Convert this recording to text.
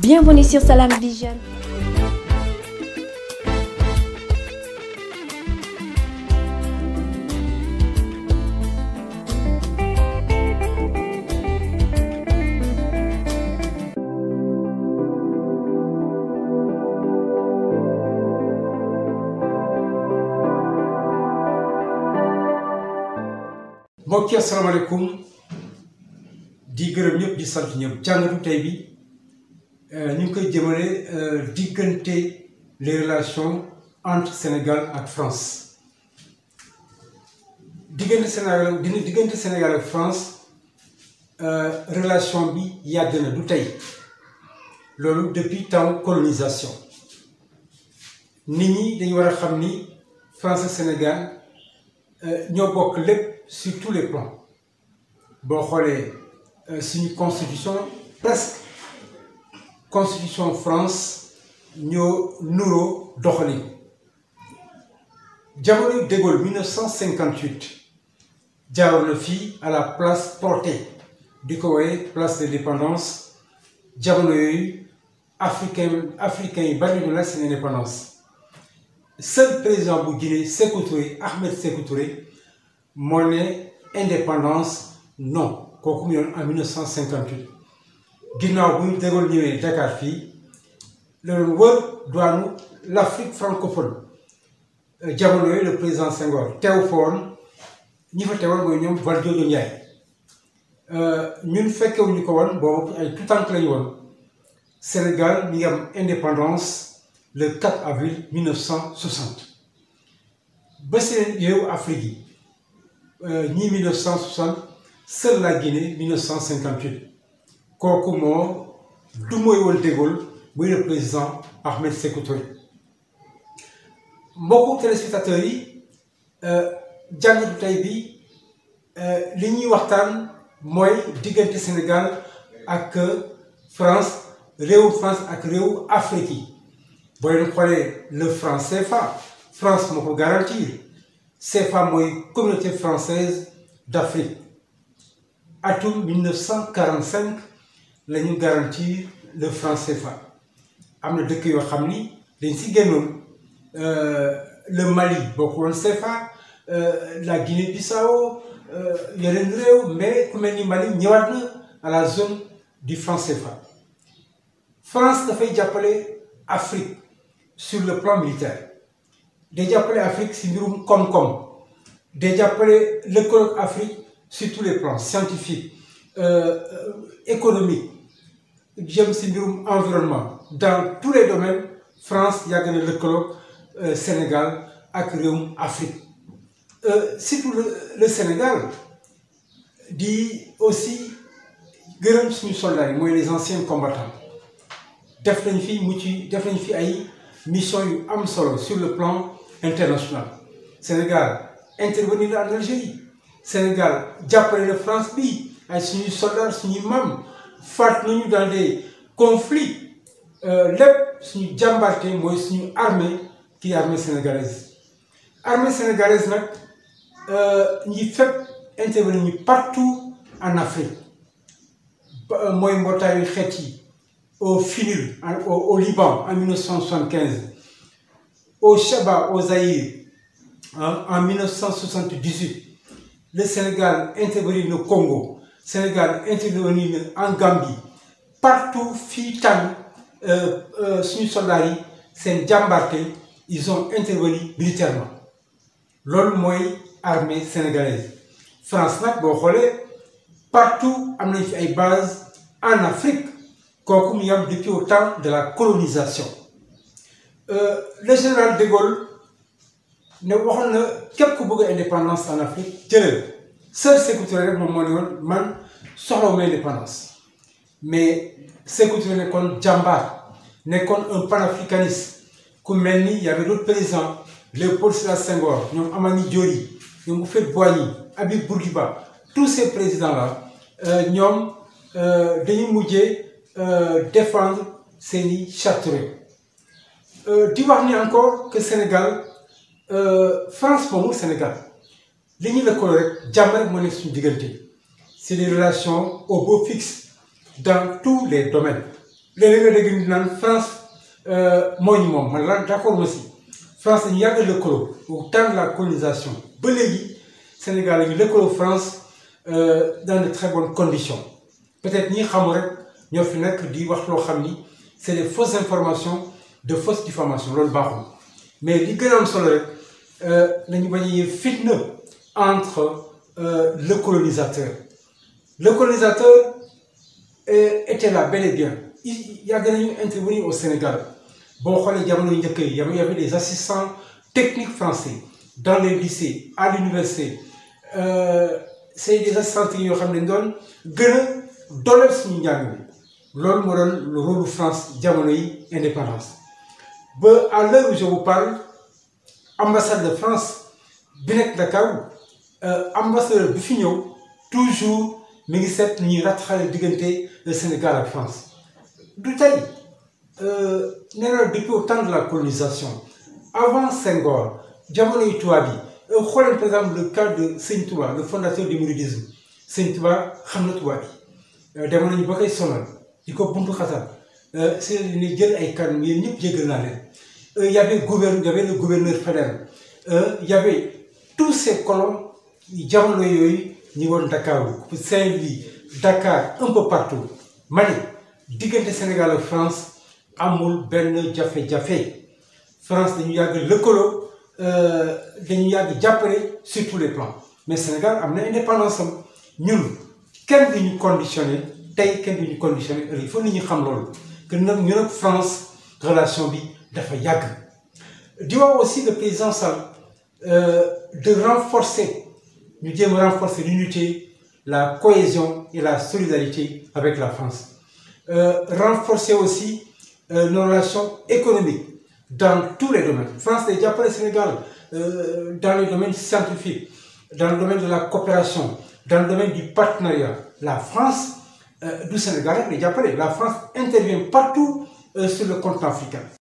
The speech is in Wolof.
Bienvenue sur Salam Vision. mbokk di gërëm ñëpp di sant ñëpp jàngatu tey bi. Euh, ñu ngi koy jëmale euh, diggante les relations entre Sénégal ak France diggante Sénégal diggante Sénégal ak France euh, relation bi yàgg na du tey loolu depuis temps colonisation nit ñi dañu war a xam ni France ak Sénégal ñoo bokk lépp sur tous les plans boo xoolee suñu constitution presque. constitution France nuro nuroo doxalin jamono de Gaulle 1958 jaaroon fii à la place Protet di ko wooye place de l'indépendance africain africain yi bari nañu la seen indépendance seul président bu Guinée Sékou Touré Ahmed Sékou Touré moo ne indépendance non kooku mu yoon en ginnaaw bu ñu tegoon ñëwee Dakar fii la doon wër douane l'Afrique francophone euh, jamono yooyu le président Senghor teew fa woon ñi fa teewoon mooy ñoom Valdiodio Ndiaye euh, ñun fekkewuñu ko woon boobu ay tout tànk lañu woon Sénégal mi ngi am indépendance le 4 avril 1960 ba seen réewu Afrique yi euh, ñii kooku moo du mooy woon de Gaulle buy le président Ahmed Sékou Touré mbokku téléspectateurs yi euh, jàngatu tey bi euh, li ñuy waxtaan mooy diggante Sénégal ak euh, France réewu France ak réewu Afrique yi boo leen xoolee le franc CFA France moo ko garantir CFA mooy communauté française d'Afrique atum la ñu garantir le franc CFA am na dëkk yoo xam ni dañ si génnoon euh, le Mali bokk woon CFA euh, la Guinée-Bissau euh, yeneen réew mais ku mel ni Mali ñëwaat na à la zone du franc CFA France dafay jàppale Afrique sur le plan militaire day jàppale Afrique si mbirum koom-koom day jàppale lëkkaloog Afrique sur tous les plans scientifique économique jëm si mbirum environnement dans tous les domaines France yàgg na lëkkaloo euh, Sénégal ak réewum Afrique euh, surtout le Sénégal di aussi gërëm suñu soldats yi mooy les anciens combattants def nañ fi mucc def nañ fi ay mission yu am solo sur le plan international Sénégal intervenir la en Algérie Sénégal jàppale na France bi ay suñuy soldats suñuy maam faat nañu dans des conflits euh, lépp suñu jàmbarte mooy suñu armée kii armée sénégalaise armée sénégalaise nag euh, ñi fépp intervenir ñu partout en Afrique euh, mooy mbootaayu xeet yi au FINUR au Liban en 1975 au Chaba au Zaïre en 1978 le Sénégal intervenir le Congo Sénégal intervenir en Gambie partout fii tànn euh, euh, suñu soldats seen jàmbarte ils ont intervenu militairement loolu mooy armée sénégalaise France nag boo xoolee partout am nañ fi ay bases en Afrique kooku mu yam ki au temps de la colonisation euh, le général de Gaulle ne waxoon na képp ku bëgg indépendance en Afrique jëlee seul Sékou rek moom moo ne woon man soxlawuma indépendance mais Sékou Touré nekkoon jàmbaar nekkoon un panafricaniste ku mel ni y avait d'autres présidents Léopold Sédar Senghor ñoom Amani Diori ñoom Houphouët-Boigny Habib Bourguiba tous ces présidents là euh, ñoom euh, dañu mujjee euh, défendre seeni charte Touré di wax ni encore que Sénégal France moomul Sénégal li ñu lëkkaloo rek jàmm rek moo nekk suñu diggante c'est des relations au beau fixe dans tous les domaines léeg-léeg nga dégg ñu naan France euh, moo ñu moom man la d'accord aussi France dañu yàgg a lëkkaloo au la colonisation ba léegi Sénégal la ñu France euh, dans de très bonnes conditions peut-être ñi xamul rek ñoo fi nekk di wax loo xam ni c'est des fausses informations de fausses diffamations loolu baaxul mais li gën a am solo rek euh, nañu bañ a fitna. entre euh, le colonisateur. Le colonisateur euh, était là bel et bien. Il, il a intervenir au Sénégal. Bon, il y avait des assistants techniques français dans les lycées, à l'université. Euh, C'est des assistants qui ont été dollars suñu njàng bi loolu moo doon le rôle de France jamono yi indépendance ba à l'heure où je vous parle ambassade de France bi nekk Dakar Euh, ambassadeur bi fi ñëw toujours mi ngi seet ñuy rataxale diggante euh, Sénégal ak France du tey euh, nee na depuis au temps de la colonisation avant Senghor jamono yu tubaab yi xoolal par exemple le cas de Sëñ Touba le fondateur du mouridisme Sëñ Touba xam na tubaab yi demoon nañu ba koy sonal di ko buntu xatal si ni jël ay kanam yéen ñëpp jéggal naa leen y avait gouverneur y avait le gouverneur fédéral y tous ces colons jamono yooyu ñi woon Dakar wu Saint-Louis Dakar un peu partout ma ne diggante Sénégal ak France amul benn jafe-jafe France dañu yàgg lëkkaloo euh, dañu yàgg jàppale surtout tous les plans mais Sénégal am na indépendance am ñun kenn bi ñu conditionné tey kenn bi ñu conditionné il faut nit ñi xam loolu que nag ñun ak France relation bi dafa yàgg di wax aussi le président Sall euh, de renforcer. nous devons renforcer l'unité, la cohésion et la solidarité avec la France. Euh, renforcer aussi euh, nos relations économiques dans tous les domaines. France, le Japon et Sénégal, euh, dans le domaine scientifique, dans le domaine de la coopération, dans le domaine du partenariat. La France, euh, du Sénégal et le la France intervient partout euh, sur le continent africain.